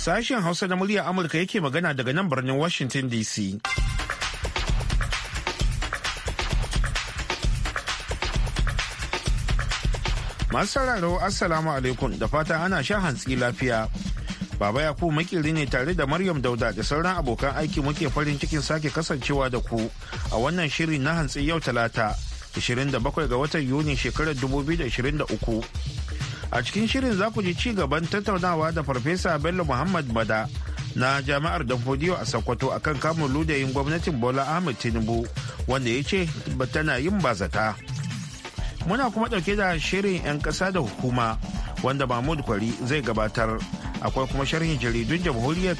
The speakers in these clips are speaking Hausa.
Sashen Hausa na muryar Amurka yake magana daga nan birnin Washington DC. Masu sauraro Assalamu alaikum da fata ana sha hantsi lafiya. Baba yakub makiri ne tare da Maryam Dauda da sauran abokan aiki muke farin cikin sake kasancewa da ku a wannan shiri na hantsi yau talata 27 ga watan Yuni shekarar 2023. a cikin shirin za ku ji ci gaban tattaunawa da farfesa bello muhammad bada na jami'ar danfodiyo a sokoto akan kamun ludayin gwamnatin bola ahmed tinubu wanda ya ce tana yin bazata muna kuma ɗauke da shirin 'yan ƙasa da hukuma wanda mahmud kwari zai gabatar akwai kuma sharhin jaridun jamhuriyar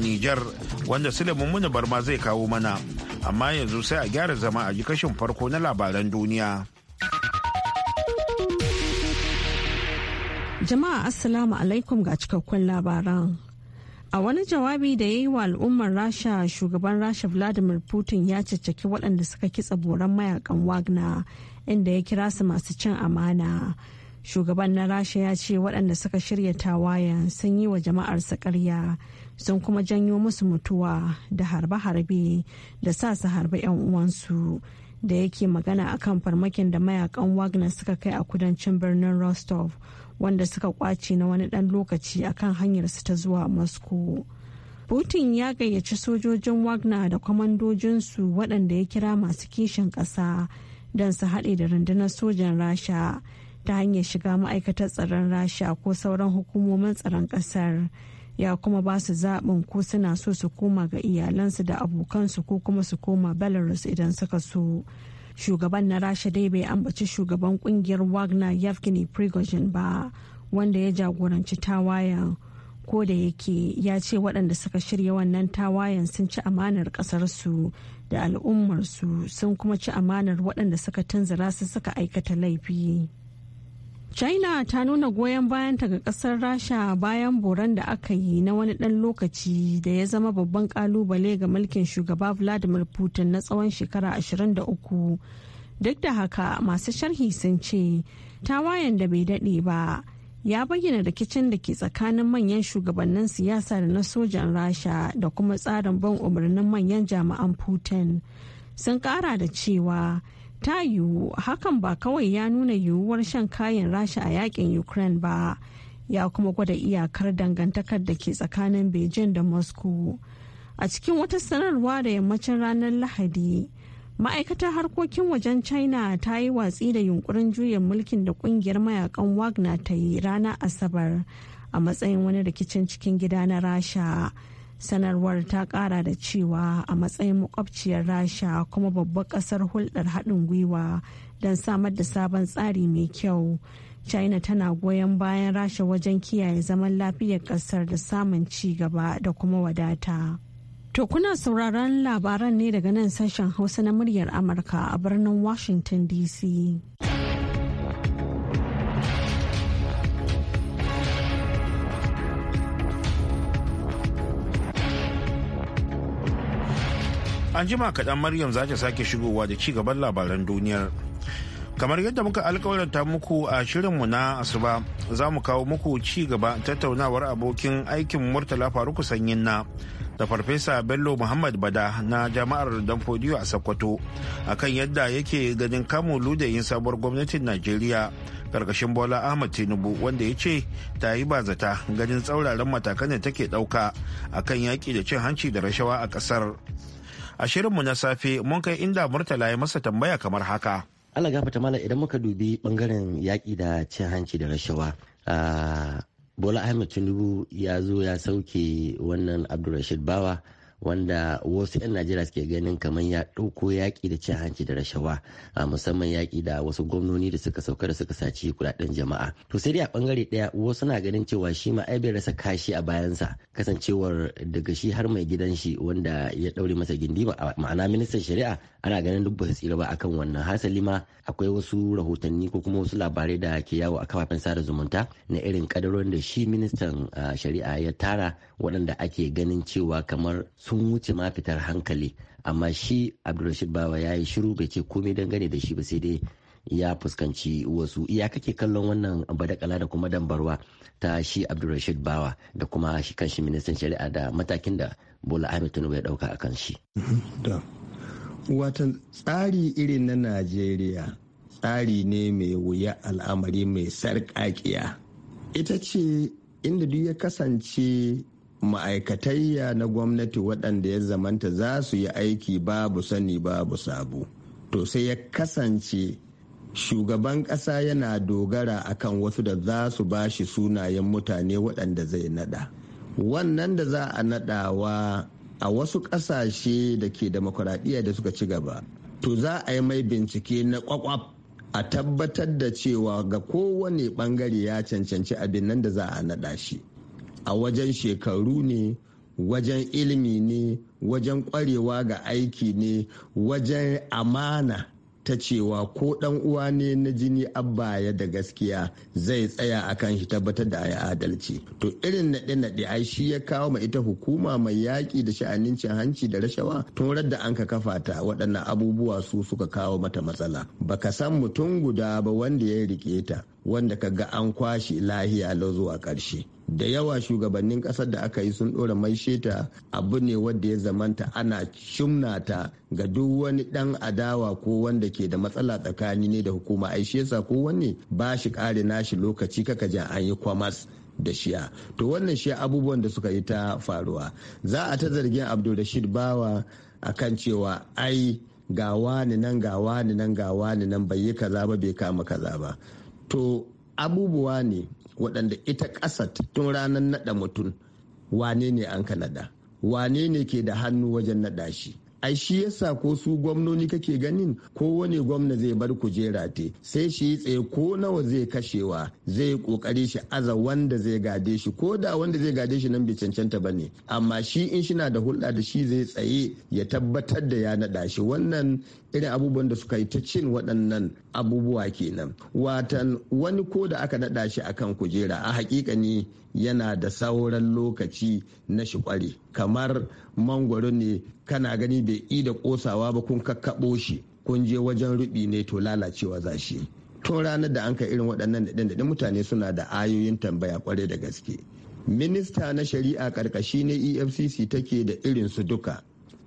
nijar wanda suleiman muni barma zai kawo mana amma yanzu sai a gyara zama a ji kashin farko na labaran duniya Jama'a Assalamu alaikum ga cikakkun labaran. A wani jawabi da ya yi wa al'ummar Rasha shugaban Rasha Vladimir Putin ya caccaki waɗanda suka kitsa boran mayakan Wagner inda ya kira su masu cin amana. Shugaban na Rasha ya ce waɗanda suka shirya tawayan sun yi wa jama'arsa karya sun kuma janyo musu mutuwa da harbe-harbe da sa su harbe 'yan uwansu da yake magana akan farmakin da mayakan Wagner suka kai a kudancin birnin Rostov. wanda suka kwace na wani ɗan lokaci akan su ta zuwa moscow putin ya gayyaci sojojin wagner da kwamandojinsu waɗanda ya kira masu kishin ƙasa don su haɗe da rundunar sojan rasha ta hanyar shiga ma'aikatar tsaron rasha ko sauran hukumomin tsaron ƙasar ya kuma ba su zaɓin ko suna so su koma ga iyalansu da abokansu ko kuma su koma belarus idan suka so shugaban na rasha dai bai ambaci shugaban kungiyar wagner yevgeny prigozhin ba wanda ya jagoranci tawayen ko da yake ya ce waɗanda suka shirya wannan tawayen sun ci amanar ƙasarsu da al'ummarsu sun kuma ci amanar waɗanda suka tunzura su suka aikata laifi. china ta nuna goyon bayanta ga kasar rasha bayan boran da aka yi na wani ɗan lokaci da ya zama babban kalubale ga mulkin shugaba vladimir putin na tsawon shekara 23 duk da haka masu sharhi sun ce tawayen da bai daɗe ba ya bayyana rikicin da ke tsakanin manyan shugabannin siyasa da na sojan rasha da kuma tsarin ban umarnin manyan jami'an putin sun kara da cewa ta yiwu hakan ba kawai ya nuna yiwuwar shan kayan rasha a yakin ukraine ba ya kuma gwada iyakar dangantakar da ke tsakanin beijing da moscow a cikin wata sanarwa da yammacin ranar lahadi ma'aikatar harkokin wajen china ta yi watsi da yunkurin juya mulkin da kungiyar mayakan wagner ta yi ranar asabar a matsayin wani rikicin cikin gida na rasha sanarwar ta kara da cewa a matsayin makwabciyar rasha kuma babbar kasar hulɗar haɗin gwiwa don samar da sabon tsari mai kyau china tana goyon bayan rasha wajen kiyaye zaman lafiyar kasar da samun ci gaba da kuma wadata to kuna sauraron labaran ne daga nan sashen hausa na muryar amurka a birnin washington dc An jima kaɗan Maryam za ta sake shigowa da ci gaban labaran duniyar. Kamar yadda muka alkawarta muku a shirinmu na asuba za mu kawo muku ci gaba tattaunawar abokin aikin Murtala Faruku Sanyin na da Farfesa Bello Muhammad Bada na Jama'ar Danfodiyo a Sokoto akan yadda yake ganin kamun ludayin sabuwar gwamnatin Najeriya karkashin Bola Ahmad Tinubu wanda ya ce ta yi bazata ganin tsauraran matakan da take ɗauka akan yaki da cin hanci da rashawa a ƙasar. a shirinmu na safe mun kai inda murtala ya masa tambaya kamar haka Allah gafarta mana idan muka dubi bangaren yaƙi da cin hanci da rashawa Bola Ahmed Tinubu ya zo ya sauke wannan Abdulrashid Bawa wanda wasu 'yan najeriya suke ganin kamar ya ɗauko yaƙi da cin hanci da rashawa a musamman yaƙi da wasu gwamnoni da suka sauka da suka saci kuɗaɗen jama'a to sai dai a ɓangare ɗaya wasu na ganin cewa shi ma ai bai rasa kashi a bayansa kasancewar daga shi har mai gidan shi wanda ya ɗaure masa gindi ma'ana ministan shari'a ana ganin duk ba su tsira ba akan wannan hasali ma akwai wasu rahotanni ko kuma wasu labarai da ke yawo a kafafen sada zumunta na irin kadarorin da shi ministan shari'a ya tara waɗanda ake ganin cewa kamar sun wuce ma fitar hankali amma shi abdulrashid bawa ya yi shiru bai ce komai dangane da shi ba sai dai ya fuskanci wasu iya kake kallon wannan badakala da kuma dambarwa ta shi abdulrashid bawa da kuma shi kanshi ministan shari'a da matakin da bola ahmed tinubu ya dauka kan shi watan tsari irin na najeriya tsari ne mai wuya al'amari mai sarƙaƙiya ita ce inda duk ya kasance ma'aikatayya na gwamnati waɗanda ya zamanta za su yi aiki babu sani babu sabo to sai ya kasance shugaban ƙasa yana dogara a kan wasu da za su ba shi sunayen mutane waɗanda zai nada wannan da za a nadawa a wasu ƙasashe da ke demokuraɗiyya da suka ci gaba to za a yi mai bincike na kwakwaf a tabbatar da cewa ga kowane ɓangare ya cancanci abin nan da za a nada shi a wajen shekaru ne wajen ilimi ne wajen kwarewa ga aiki ne wajen amana ta cewa ko dan uwa ne na jini abba ya da gaskiya zai tsaya akan shi tabbatar da ya adalci to irin naɗe naɗe ai shi ya kawo ma ita hukuma mai yaƙi da sha'anin cin hanci da rashawa tun radda an ka kafa ta waɗannan abubuwa su suka kawo mata matsala baka san mutum guda ba wanda ya rike ta wanda ka ga an kwashi lahiya lau zuwa ƙarshe da yawa shugabannin kasar da aka yi sun ɗora mai sheta abu ne wanda ya zamanta ana ta ga duk wani ɗan adawa ko wanda ke da matsala tsakani ne da hukuma ai shesa yasa ko wani ba shi kare nashi lokaci kaka ja an yi kwamas da shiya to wannan shi abubuwan da suka yi ta faruwa za a ta zargin abdulrashid bawa akan cewa ai ga wani nan ga wani nan ga wani nan bai yi kaza ba bai kama kaza ba to abubuwa ne waɗanda ita ƙasa tun ranar naɗa mutum wane ne an kanada wane ne ke da hannu wajen naɗa shi ai shi yasa ko su gwamnoni kake ganin ko wani gwamna zai bar kujera te sai shi tsaye ko nawa zai kashewa zai kokari shi aza wanda zai gade shi ko da wanda zai gade shi nan bai cancanta ba ne amma shi in shi na da hulɗa da shi zai tsaye ya tabbatar da ya naɗa shi wannan irin abubuwan da suka yi ta cin waɗannan abubuwa kenan watan wani ko da aka naɗa shi akan kujera a hakikani yana da sauran lokaci na shi kware kamar mangwaro ne kana gani bai yi da kosawa ba kun kakkaɓo shi kun je wajen rubi ne to lalacewa za shi tun ranar da an ka irin waɗannan daɗin mutane suna da ayoyin tambaya kware da gaske minista na shari'a ƙarƙashi ne efcc take da irin su duka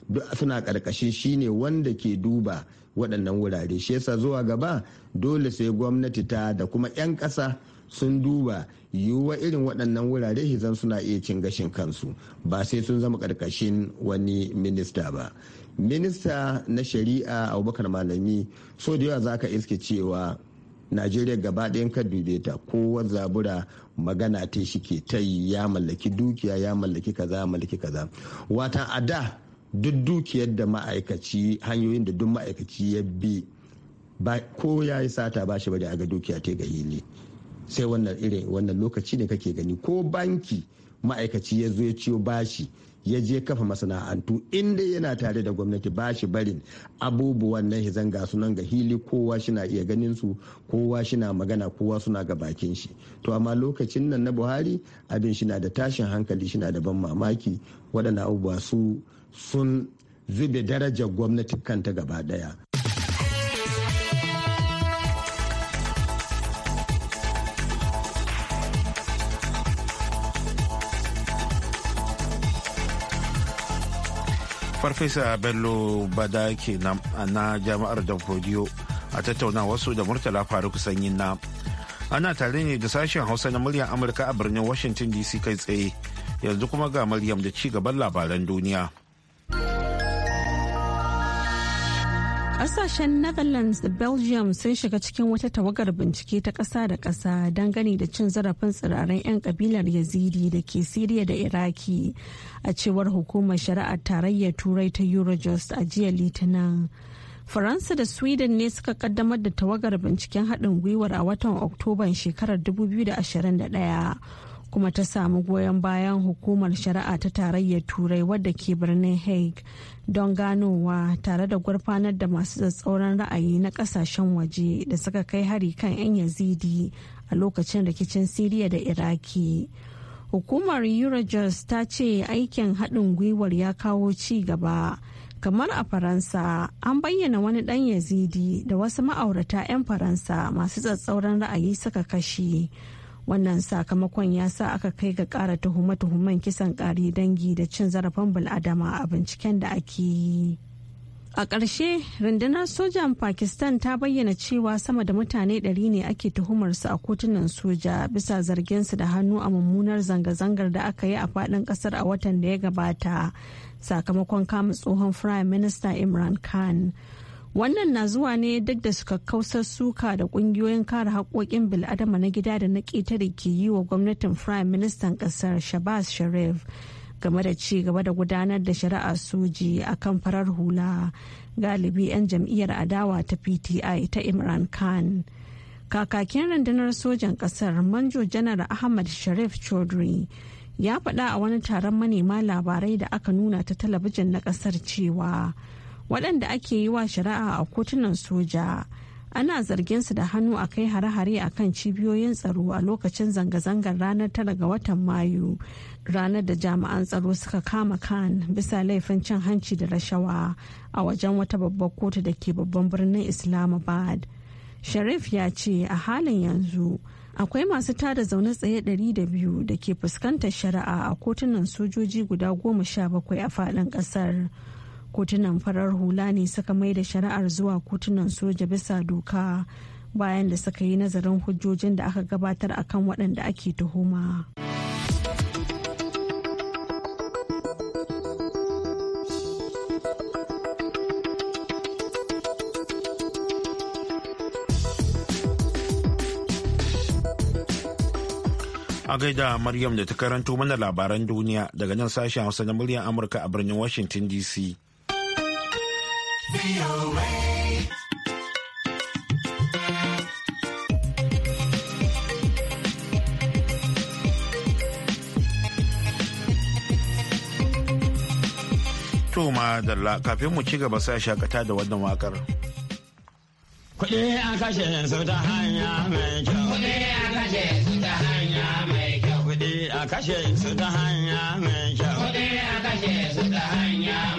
duk suna karkashin shine wanda ke duba waɗannan wurare shi yasa zuwa gaba dole sai gwamnati ta da kuma 'yan ƙasa sun duba yiwuwa irin waɗannan wurare hizan suna iya cin gashin kansu ba sai sun zama karkashin wani minista ba minista na shari'a abubakar malami so da yawa za ka iske cewa najeriya gaba ɗayan ka dube ta kowa zabura magana ta shi ke ta yi ya mallaki dukiya ya mallaki kaza mallaki kaza wata a da duk dukiyar da ma'aikaci hanyoyin da duk ma'aikaci ya bi ko ya yi sata ba shi bari a ga dukiya ta ga hili sai wannan irin wannan lokaci ne kake gani ko banki ma'aikaci ya zo ya ciyo bashi ya je kafa masana'antu inda yana tare da gwamnati ba shi barin abubuwan na hizan ga sunan ga hili kowa shina iya ganin su kowa shina magana kowa suna ga bakin shi to amma lokacin nan na buhari abin shina da tashin hankali shina da ban mamaki waɗannan abubuwa su sun zube darajar gwamnati kanta gaba daya. farfesa bello bada ke na jami'ar danfodiyo a tattauna wasu da murtala faruk sanyin na ana tare ne da sashen hausa na muryar amurka a birnin washington dc kai tsaye yanzu kuma ga maryam da ci gaban labaran duniya Kasashen Netherlands da Belgium sun shiga cikin wata tawagar bincike ta ƙasa da ƙasa gani da cin zarafin tsiraran 'yan kabilar Yazidi da ke Siriya da Iraki a cewar hukumar shari'ar tarayyar Turai ta Eurojust a jiya Litinin. Faransa da Sweden ne suka kaddamar da tawagar binciken haɗin gwiwar a watan Oktoban shekarar 2021 kuma ta samu goyon bayan hukumar shari'a ta tarayyar turai wadda ke birnin hague don ganowa tare da gurfanar da masu tsatsauran ra'ayi na kasashen waje da suka kai hari kan 'yan yazidi a lokacin rikicin siriya da iraki hukumar eurojust ta ce aikin haɗin gwiwar ya kawo ci gaba kamar a faransa an bayyana wani ɗan yazidi da wasu ma'aurata 'yan faransa masu tsatsauran ra'ayi suka kashe wannan sakamakon ya sa aka kai ga kara tuhume-tuhumen kisan ƙari dangi da cin zarafin bil'adama a binciken da ake yi a ƙarshe rundunar sojan pakistan ta bayyana cewa sama da mutane 100 ne ake tuhumarsu a kotunan soja bisa zarginsu da hannu a mummunar zanga-zangar da aka yi a faɗin ƙasar a watan da ya gabata sakamakon kama tsohon firayim minista imran khan wannan na zuwa ne duk da suka kausar suka da kungiyoyin kare haƙoƙin bil'adama na gida da na ƙetare ke yi wa gwamnatin prime ministan ƙasar shabazz sharif game da ci gaba da gudanar da shari'a soji a kan farar hula galibi 'yan jam'iyyar adawa ta pti ta imran khan kakakin rundunar sojan ƙasar manjo janar ahmad sharif chaudhry ya faɗa a wani taron manema labarai da aka nuna ta talabijin na ƙasar cewa waɗanda ake yi wa shari'a a kotunan soja ana zargin su da hannu a kai hare-hare a kan cibiyoyin tsaro a lokacin zanga-zangar ranar tara ga watan mayu ranar da jami'an tsaro suka kama kan bisa laifin cin hanci da rashawa a wajen wata babbar kotu da ke babban birnin islamabad sharif ya ce a halin yanzu akwai masu tada zaune tsaye 200 da ke fuskantar shari'a a kotunan sojoji guda 17 a faɗin ƙasar. kasar kotunan farar hula ne suka mai da shari'ar zuwa kotunan soja bisa doka bayan da suka yi nazarin hujjojin da aka gabatar a kan waɗanda ake tuhuma. A gaida Maryam da ta karanto mana labaran duniya daga nan sashen Hausa na muryar Amurka a birnin Washington DC. Toma Dalla kafin mu ci gaba sa shakata da wannan wakar. Kuɗi a kashe su ta hanya mai kyau. Kuɗi a kashe su ta hanya mai kyau. Kuɗi a kashe su ta hanya mai kyau. Kuɗi a kashe su ta hanya mai kyau.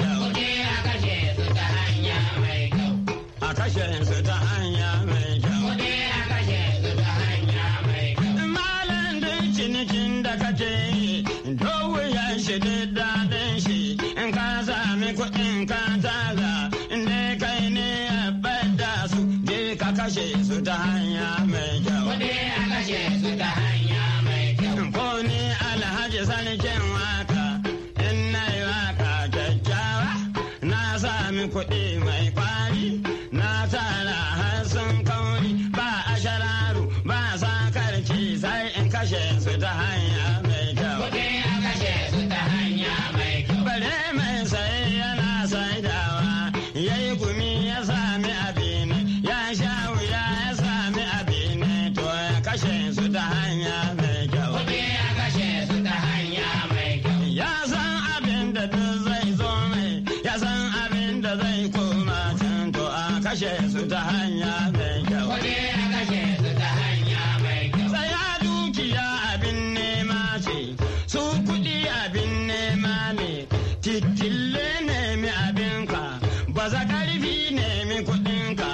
shi daɗin shi in ka sami kuɗin ka tara inda kai ne ya bada su je ka kashe su ta hanya mai kyau. Kuɗi a kashe su ta hanya mai kyau. Ko ni alhaji sarkin waka in na yi waka kyakkyawa na sami kuɗi mai kyau. su ta hanya mai kyau. Kuɗi a kashe su ta hanya mai kyau. Tsaya dukiya abin nema ce, su kuɗi abin nema ne, titille nemi abinka, baza ƙarfi nemi kuɗinka,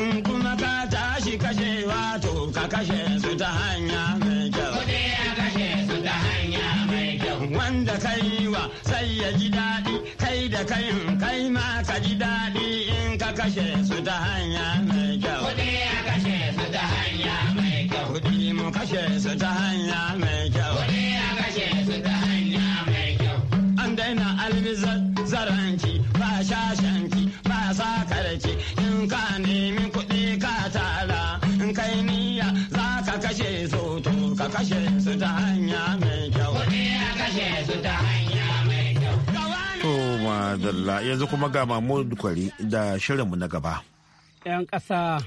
in kuma ka tashi kashewa to ka kashe su ta hanya mai kyau. Kuɗi a kashe su ta hanya mai kyau. Wanda kai wa sai ya ji daɗi, kai da kai kai ma ka ji daɗi ka kashe su ta hanya mai kyau. Kuɗi a kashe su ta hanya mai kyau. Kuɗi mu kashe su ta hanya mai kyau. Kuɗi a kashe su ta hanya mai kyau. An daina almizazzaranci ba shashanki ba sakarki in ka nemi kuɗi ka tara in kai niyya za ka kashe su to ka kashe su ta hanya mai kyau. Kuɗi a kashe su ta hanya yanzu kuma ga mamu kwari da shirinmu na gaba. 'Yan ƙasa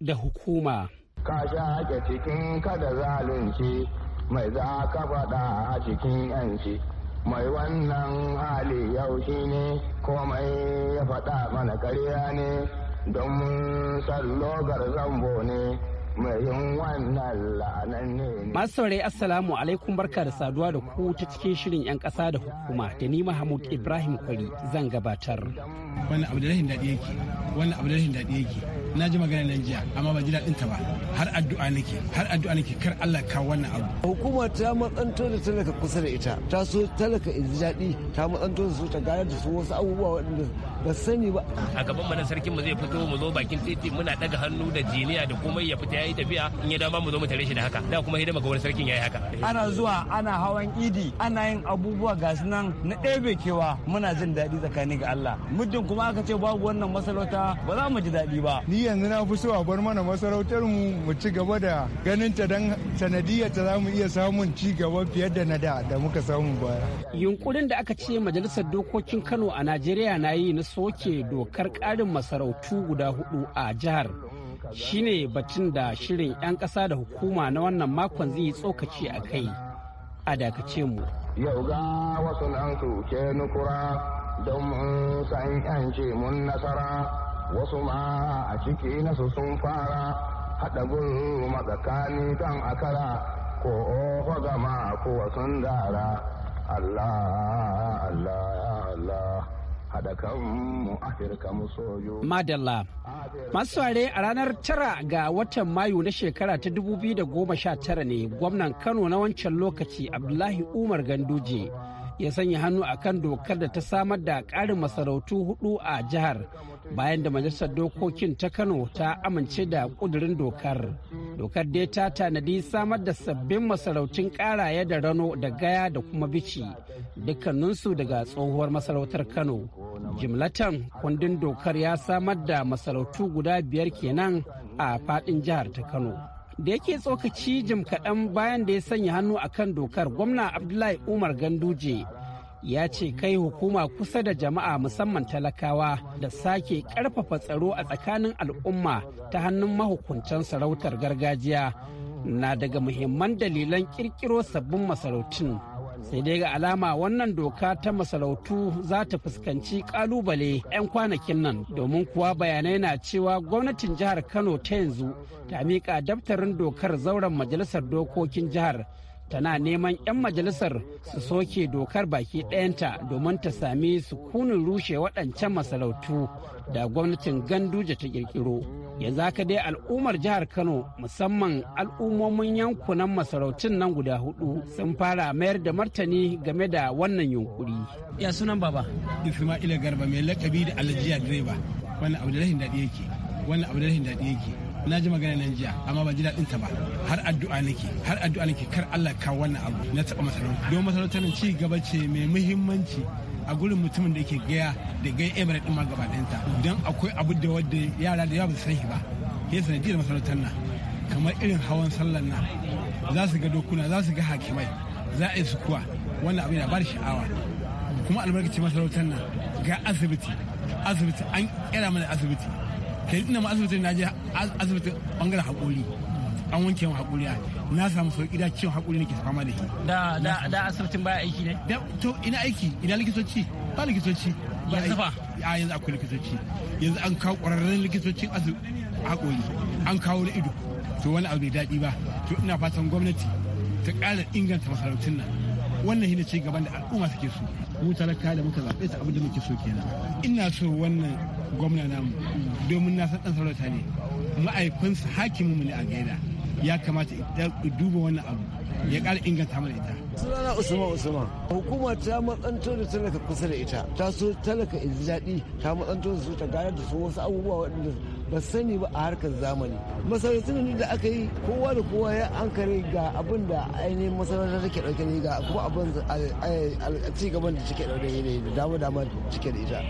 da hukuma. Ka sha ake cikin kada zalunci mai za ka faɗa a cikin 'yanci. Mai wannan hali yau shi ne komai ya faɗa mana karya ne don sallogar zambo ne. Masu saurayi Assalamu alaikum barka da saduwa da ku ta cikin shirin 'yan ƙasa da hukuma da ni Mahmud Ibrahim Kwari zan gabatar. Wani abu da rahin daɗi yake, Wani abu da rahin daɗi yake. na ji magana nan jiya amma ban ji daɗin ta ba har addu'a nake har addu'a nake kar Allah ka wannan abu hukuma ta matsanto da talaka kusa da ita ta so talaka in ji daɗi ta matsanto da su ta gane da su wasu abubuwa waɗanda ba sani ba a gaban mana sarkin mu zai fito mu zo bakin titi muna daga hannu da jiniya da komai ya fita yayi tafiya in ya dama mu zo mu tare shi da haka da kuma hidima ga wani sarkin yayi haka ana zuwa ana hawan idi ana yin abubuwa ga nan na ɗebe kewa muna jin daɗi tsakani ga Allah muddin kuma aka ce babu wannan masalauta ba za mu ji daɗi ba ni yanzu na fi so a bar mana masarautar mu mu ci gaba da ganin ta dan sanadiyar ta zamu iya samun ci gaba fiye da na da da muka samu baya. Yunkurin da aka ce majalisar dokokin Kano a Najeriya na yi na soke dokar karin masarautu guda hudu a jihar shine batun da shirin 'yan ƙasa da hukuma na wannan makon zai tsokaci a kai a dakace mu. Yau ga wasu nan su ke nukura don mun san mun nasara. wasu ma a ciki nasu sun fara haɗa ma matsakani kan akara ko ofa gama ko sun dara Allah Allah ya Allah Madalla. Masu ware a ranar tara ga watan Mayu na shekara ta 2019 ne gwamnan Kano na wancan lokaci Abdullahi Umar Ganduje ya sanya hannu a kan dokar da ta samar da ƙarin masarautu hudu a jihar bayan da majalisar dokokin ta kano ta amince da ƙudurin dokar dokar dai ta tanadi samar da sabbin masarautun ƙaraye da rano da gaya da kuma bici dukkaninsu daga tsohuwar masarautar kano jimlatan kundin dokar ya samar da masarautu guda biyar kenan a faɗin jihar ta kano da yake tsokaci jim kaɗan bayan da ya sanya hannu a kan dokar gwamna abdullahi umar ganduje ya ce kai hukuma kusa da jama'a musamman talakawa da sake ƙarfafa tsaro a tsakanin al'umma ta hannun mahukuntan sarautar gargajiya na daga muhimman dalilan ƙirƙiro sabbin masarautun sai dai ga alama wannan doka ta masarautu za ta fuskanci kalubale 'yan kwanakin nan domin kuwa bayanai na cewa gwamnatin jihar kano ta yanzu ta miƙa daftarin dokar zauren majalisar dokokin jihar tana neman 'yan majalisar su soke dokar baki ɗayanta domin ta sami su kunin rushe waɗancan masarautu da gwamnatin ganduje ta ƙirƙiro. yanzu haka dai al'ummar jihar kano musamman al'ummomin yankunan masarautun nan guda hudu sun fara mayar da martani game da wannan yunkuri ya sunan baba isma'ila garba mai lakabi da alajiya direba wannan abu da rahin daɗi yake wannan abu da rahin daɗi yake na ji magana nan jiya amma ba ji daɗin ta ba har addu'a nake har addu'a nake kar Allah kawo wannan abu na taɓa masarauta don masarautar ci gaba ce mai muhimmanci a gurin mutumin da yake gaya da gaya emirat ɗin ma gaba ɗinta don akwai abu da wadda yara da yawa ba su san shi ba ya sanadiyar masarautar nan kamar irin hawan sallar na za su ga dokuna za su ga hakimai za a yi su kuwa wannan abin yana ba da sha'awa kuma albarkacin masarautar nan ga asibiti asibiti an kera mana asibiti kai ina ma asibitin na je asibitin bangaren haƙori an wanke haƙuri a na samu sauƙi da ciwon hakuri nake fama da shi da da da asibitin baya aiki ne da to ina aiki ina likitoci ba likitoci ba yanzu fa a yanzu akwai likitoci yanzu an kawo ƙwararren likitocin asibiti hakori an kawo na ido to wani abu bai daɗi ba to ina fatan gwamnati ta ƙara inganta masarautun nan wannan shine ce gaban da al'umma suke so mu talaka da muka zaɓe ta abin da muke so kenan ina so wannan gwamna namu domin na san ɗan sarauta ne ma'aifinsa hakimin mu ne a gaida ya kamata ya duba wani abu ya ƙara inganta mana ita. sunana usman usman hukuma ta matsanto da talaka kusa da ita ta so talaka in daɗi ta matsanto da su ta gane da su wasu abubuwa waɗanda ba sani ba a harkar zamani masarautun da aka yi kowa da kowa ya an kare ga abin da ainihin masarauta take dauke ne ga kuma abin ci gaban da take dauke ne da dama dama cike da ita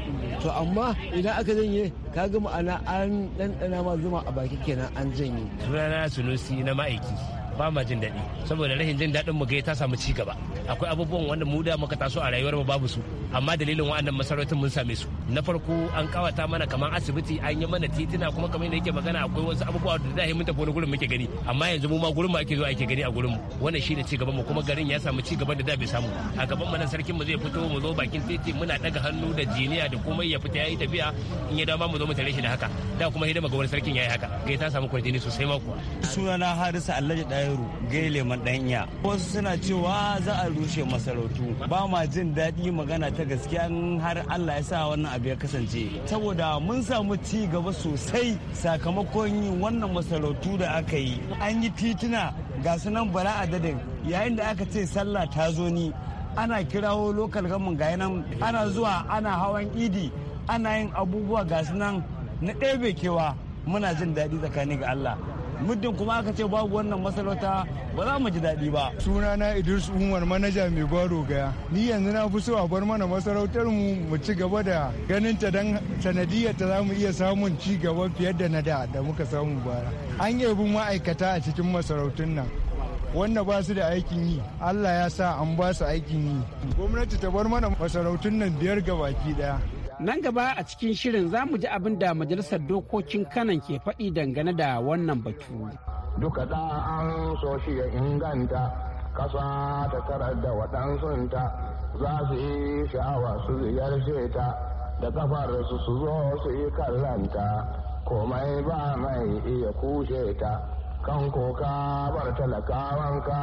to amma idan aka janye ka ga ma'ana an ɗanɗana ma zuma a baki kenan an janye sunana sunusi na ma'aiki ba ma jin daɗi saboda rashin jin daɗin mu gai ta samu ci gaba akwai abubuwan wanda mu da muka taso a rayuwar mu babu su amma dalilin wa'annan masarautun mun same su na farko an kawata mana kamar asibiti an yi mana titina kuma kamar yadda yake magana akwai wasu abubuwa da zai mun tafi wani gurin muke gani amma yanzu mu ma gurin mu ake zuwa ake gani a gurin mu wannan shine ci gaban mu kuma garin ya samu ci gaban da da bai samu a gaban mu nan sarkin mu zai fito mu zo bakin titi muna daga hannu da jiniya da komai ya fita yayi tafiya in ya dama mu zo mu tare shi da haka da kuma hidima ga wani sarkin yayi haka gai ta samu kwarjini sosai ma kuwa sunana harisa Alhaji Dairu gele leman danya wasu suna cewa za a rushe masarautu ba ma jin daɗi magana ta gaskiya har Allah ya sa wannan abu ya kasance saboda mun samu ci gaba sosai sakamakon yin wannan masarautu da aka yi an yi tituna ga sunan bara adadin yayin da aka ce sallah ta zo ni ana kirawo lokal gamin ga nan ana zuwa ana hawan idi ana yin abubuwa ga sunan na ɗebe kewa muna jin daɗi tsakani ga Allah muddin kuma aka ce babu wannan masarauta ba za mu ji daɗi ba sunana idris umar manaja mai baro gaya ni yanzu na fi so a bar mana masarautar mu mu ci gaba da ganin ta dan sanadiyar ta za mu iya samun ci gaba fiye da na da da muka samu bara an yabi ma'aikata a cikin masarautun nan wanda ba su da aikin yi Allah ya sa an ba su aikin yi gwamnati ta bar mana masarautun nan biyar ga baki daya Nan gaba a cikin shirin za mu ji abin da majalisar dokokin kanan ke faɗi dangane da wannan batu. Duka da an so shi ya inganta ƙasa ta tarar da waɗansunta za su yi sha'awa su ziyarce ta da kafar su su zo su yi kallanta komai ba mai iya kushe ta kan koka bar talakawanka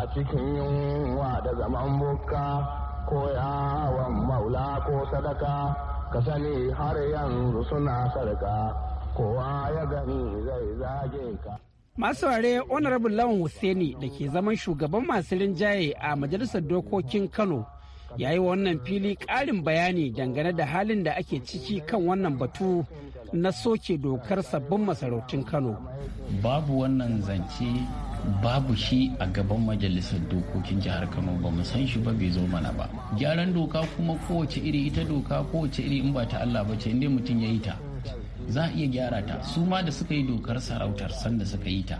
a cikin yunwa da zaman bukka ko yawon maula ko sadaka. ka sani har yanzu suna sarka kowa ya gani zai zage ka. Masu ware Honorable Lawan Hussaini da ke zaman shugaban masu rinjaye a Majalisar Dokokin Kano ya yi wannan fili ƙarin bayani dangane da halin da ake ciki kan wannan batu na soke dokar sabbin masarautun Kano. Babu wannan zance babu shi a gaban majalisar dokokin jihar kano ba mu san shi ba bai zo mana ba gyaran doka kuma kowace iri ita doka kowace iri in ba ta allah ba ce inda mutum ya yi ta za a iya gyara ta su ma da suka yi dokar sarautar sanda suka yi ta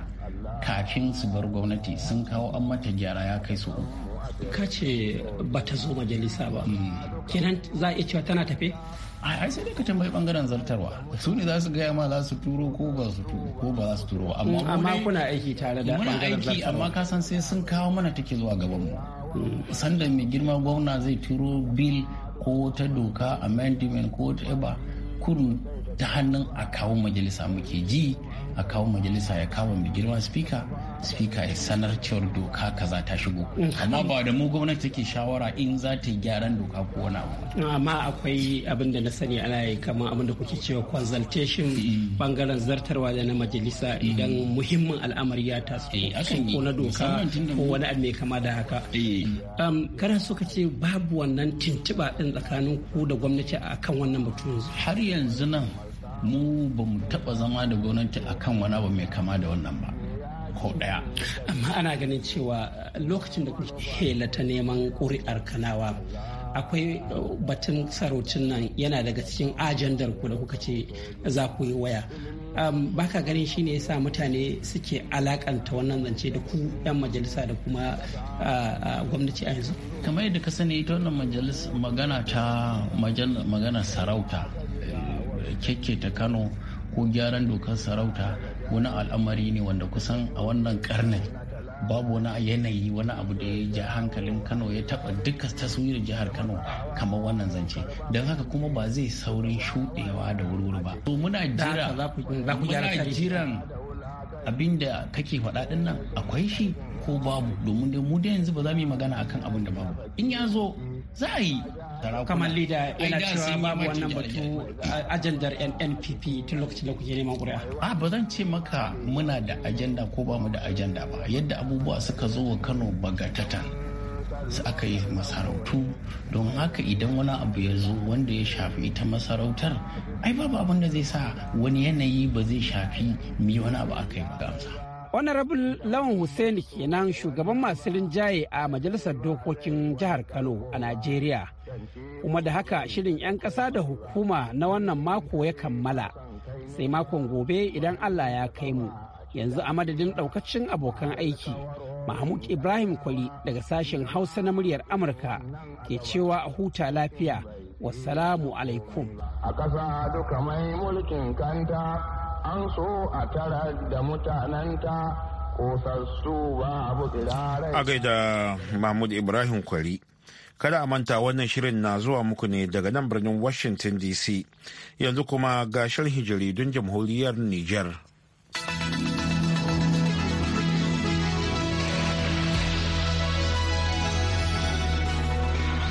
kafin su bar gwamnati sun kawo an mata gyara ya kai su uku ka ce ba ta zo majalisa ba mm. kenan za a iya cewa tana tafe ai sai dai ka tambayi bangaren zartarwa su ne za su gaya ma za su turo ko ba su turo ko ba za su turo amma amma kuna aiki tare da muna aiki amma ka san sai sun kawo mana take zuwa gaban mu hmm. sanda mai girma gwamna zai turo bil ko ta doka amendment ko ta eba kurun ta hannun a kawo majalisa muke ji a kawo majalisa ya kawo mai girma speaker Speaker ya sanar cewar doka kaza ta shigo mm. amma ba da mu gwamnati take shawara in za ta yi gyaran doka ko wani abu amma akwai abin da na sani ana yi kamar abin da kuke cewa consultation mm. bangaren zartarwa da na majalisa mm. idan muhimmin al'amari ya taso eh, ko na doka ko wani abu mai kama da haka eh. um, kada suka ce babu wannan tintiba din tsakanin ku da gwamnati akan wannan batu yanzu har yanzu nan mu ba mu taba zama da gwamnati akan wani abu mai kama da wannan ba ko daya amma ana ganin cewa eh, lokacin da kuke hela ta neman ƙuri'ar kanawa akwai eh, batun saraucin nan yana daga cikin ajandar ku da kuka ce za ku yi waya um, baka ganin shi ne yasa mutane suke alakanta wannan zance da ku 'yan majalisa da kuma uh, gwamnati a yanzu kamar yadda ka sani ita wannan majalis magana ta magana sarauta kyakketa kano ko gyaran dokar sarauta wani al'amari ne wanda kusan a wannan karnin babu wani yanayi wani abu da ya ja hankalin kano ya taba duka taswirar jihar kano kamar wannan zance don haka kuma ba zai saurin shuɗewa da wurwuri ba to muna jiran abin da kake faɗa ɗin nan akwai shi ko babu domin mu da yanzu ba za mu yi magana akan abin da babu in ya zo za a yi kamar leader yana cewa babu wannan batu ajandar NPP tun lokacin da kuke neman ƙuri'a. A ba zan ce maka muna da ajanda ko ba mu da ajanda ba yadda abubuwa suka zo wa Kano bagatatan su aka yi masarautu don haka idan wani abu ya zo wanda ya shafi ita masarautar ai babu abin da zai sa wani yanayi ba zai shafi mi wani abu aka yi gamsa. honorable lawan hussein kenan shugaban masu rinjaye a majalisar dokokin jihar kano a najeriya kuma da haka shirin 'yan ƙasa da hukuma na wannan mako ya kammala sai makon gobe idan allah ya kai mu yanzu a madadin ɗaukacin abokan aiki mahmud ibrahim kwali daga sashen hausa na muryar amurka ke cewa a huta lafiya wasalamu alaikum a ƙasa duka mai mulkin kanta an so a tara da mutananta kosassu ba abu a gaida mahmud ibrahim kwari kada a manta wannan shirin na zuwa muku ne daga nan birnin washington dc yanzu kuma ga sharhi jaridun jamhuriyar niger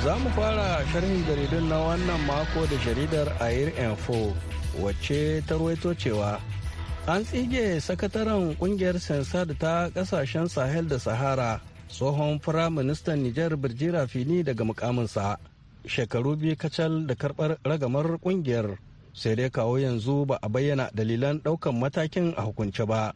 za mu fara sharhin jaridun na wannan mako da jaridar air info wacce ta ruwaito cewa an tsige sakataren kungiyar da ta kasashen sahel da sahara tsohon firaministan Nijar Birjira Fini daga mukaminsa shekaru biyu kacal da karbar ragamar kungiyar sai dai kawo yanzu ba a bayyana dalilan daukan matakin a hukunce ba.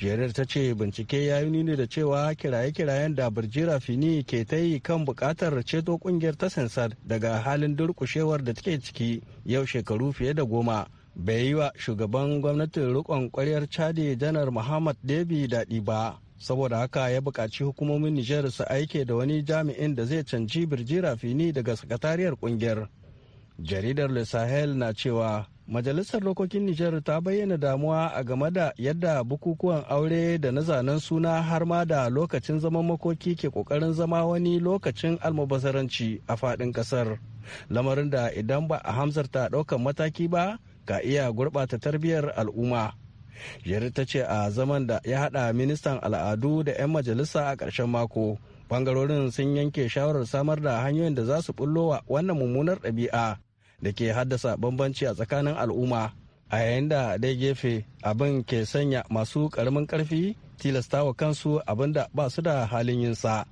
Jerar ta ce bincike ya yi nuni da cewa kiraye-kirayen da Birjira Fini ke ta yi kan bukatar ceto kungiyar ta sansar daga halin durƙushewar da take ciki yau shekaru fiye da goma. Bai yi wa shugaban gwamnatin rikon ƙwaryar Chadi Janar Muhammad Debi daɗi ba. saboda haka ya buƙaci hukumomin nijar su aike da wani jami'in da zai canci birji rafini daga sakatariyar ƙungiyar jaridar le sahel na cewa majalisar dokokin nijar ta bayyana damuwa a game da yadda bukukuwan aure da na zanen suna har ma da lokacin zaman makoki ke ƙoƙarin zama wani lokacin almubazaranci a faɗin ƙasar lamarin da idan ba a hamzarta ɗaukan mataki ba ka iya gurɓata tarbiyyar al'umma jere ta ce a zaman da ya hada ministan al'adu da 'yan majalisa a ƙarshen mako bangarorin sun yanke shawarar samar da hanyoyin da za su wa wannan mummunar ɗabi'a da ke haddasa bambanci a tsakanin al'umma a yayin da dai gefe abin ke sanya masu ƙaramin ƙarfi tilastawa kansu abin da ba su da halin yinsa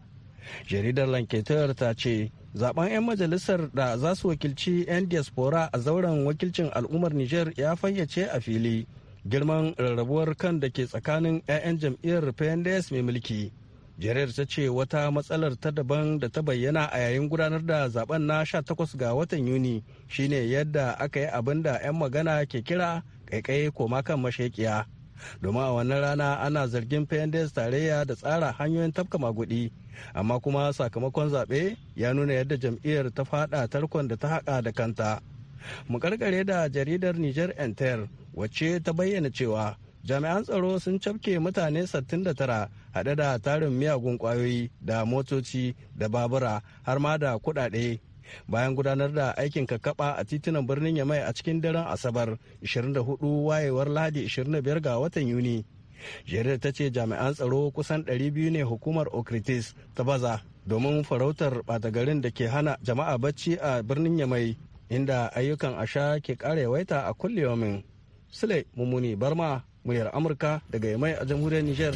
jaridar lanketar ta ce zaben 'yan majalisar da za su wakilci 'yan diaspora a zauren wakilcin al'ummar niger ya fayyace a fili girman rarrabuwar kan da ke tsakanin 'ya'yan jam'iyyar pnds mai mulki jerry ta ce wata matsalar ta daban da ta bayyana a yayin gudanar da zaben na 18 ga watan yuni shine yadda aka yi abin da 'yan magana ke kira kaikai koma kan mashekiya domin a wannan rana ana zargin pnds tarayya da tsara hanyoyin tafka magudi amma kuma sakamakon zaɓe ya nuna yadda jam'iyyar ta faɗa tarkon da ta haƙa da kanta mu karkare da jaridar niger enter wacce ta bayyana cewa jami'an tsaro sun cafke mutane 69 haɗe da tarin miyagun kwayoyi da motoci da babura har ma da kuɗaɗe bayan gudanar da aikin kakaba a titunan birnin yamai a cikin daren asabar 24 wayewar lahadi 25 ga watan yuni jaridar ta ce jami'an tsaro kusan 200 ne hukumar okritis ta baza domin farautar ɓata garin da ke hana jama'a bacci a birnin yamai inda ayyukan asha ke kare yawaita a kulle yomin Sule mummuni Barma, muryar Amurka daga Yamai a jamhuriyar niger.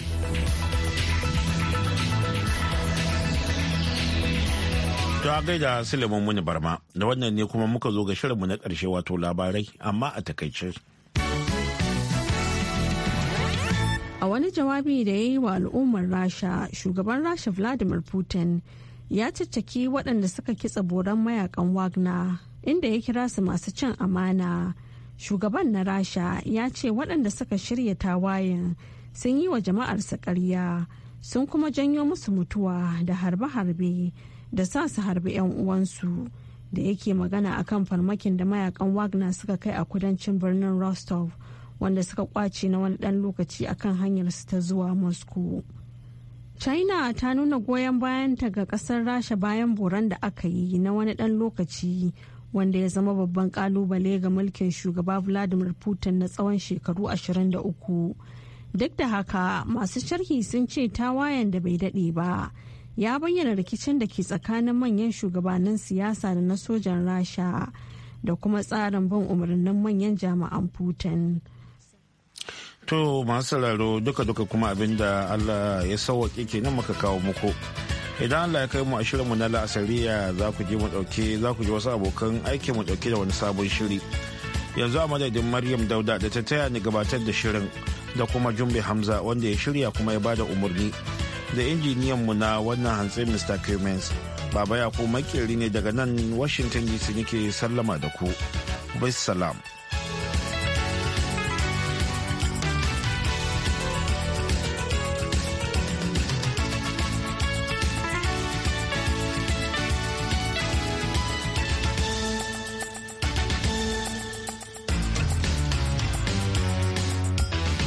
To a gaida Sule mummuni Barma, da wannan ne kuma muka zo ga shirinmu na karshe wato labarai amma a takaice. A wani jawabi da ya yi wa al'ummar Rasha, shugaban Rasha Vladimir Putin ya caccaki waɗanda suka kitsa boran mayakan Wagner inda ya kira su masu cin amana shugaban na rasha ya ce waɗanda suka shirya tawayen sun yi wa jama'ar jama'arsa karya sun kuma janyo musu mutuwa da harbe-harbe da sa su harbi 'yan uwansu da yake magana a kan farmakin da mayakan wagner suka kai a kudancin birnin rostov wanda suka kwace na wani ɗan lokaci a kan su ta zuwa moscow china ta nuna goyon bayanta ga ƙasar rasha bayan boran da aka yi na wani ɗan lokaci wanda ya zama babban kalubale ga mulkin shugaba vladimir putin na tsawon shekaru 23 duk da haka masu sharhi sun ce tawayen da bai daɗe ba ya bayyana rikicin da ke tsakanin manyan shugabannin siyasa da na sojan rasha da kuma tsarin bin umarnin manyan jami'an putin to masu sauraro duka-duka kuma abinda allah ya sauwaƙe kenan muka kawo muku idan allah ya kai mu a shirinmu na la'asariya za ku je mu dauke za ku je wasu abokan aikin mu ɗauke da wani sabon shiri yanzu a madadin maryam dauda da ta taya ni gabatar da shirin da kuma jumbe hamza wanda ya shirya kuma ya bada umarni da injiniyan mu na wannan hantsi mr clemens baba ya ko makeri ne daga nan washington dc nake sallama da ku bai salam